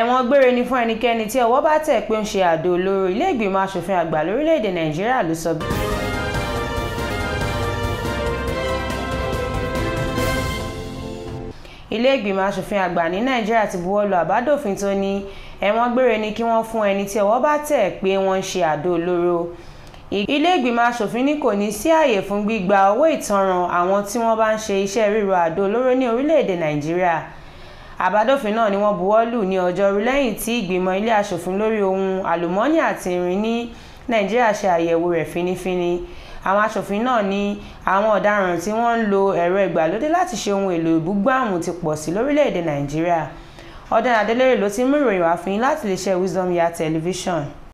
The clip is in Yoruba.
ẹ̀wọ̀n gbére ni fún ẹnikẹ́ni tí ọwọ́ bá tẹ̀ pé ó ń ṣe àdó olóró ilé ìgbìmọ̀ asòfin àgbà lórílẹ̀‐èdè nàìjíríà ló sọ bí. ilé ìgbìmọ̀ asòfin àgbà ní nàìjíríà ti buwọ́ lu àbádòfin tó ní ẹ̀wọ̀n gbére ni kí wọ́n fún ẹni tí ọwọ́ bá tẹ̀ pé wọ́n ń ṣe àdó olóró ilé ìgbìmọ̀ asòfin ní kò ní sí ààyè fún gbígba owó ìtanràn àwọn tí wọ́n bá ń ṣe iṣẹ́ ríro àdó olóró ní orílẹ̀-èdè nàìjíríà àbádòfin náà ni wọ́n buwọ́ lù ní ọjọ́rú lẹ́yìn tí ìgbìmọ̀ ilé aṣòfin lórí ohun àlùmọ́ọ́nì àti irin ní nàìjíríà ṣe àyẹ̀wò rẹ̀ fínífíní àwọn aṣòfin náà ní àwọn ọ̀daràn tí wọ́n ń lo ẹ̀rọ ìgbàlódé láti ṣe ohun èlò ìbúgbàmù ti pọ̀ sí lórílẹ̀ nàìjíríà ọ̀dàn adélèrè ló ti mú ìròyìn wá fún yín láti lè ṣe Wisdom Yard Television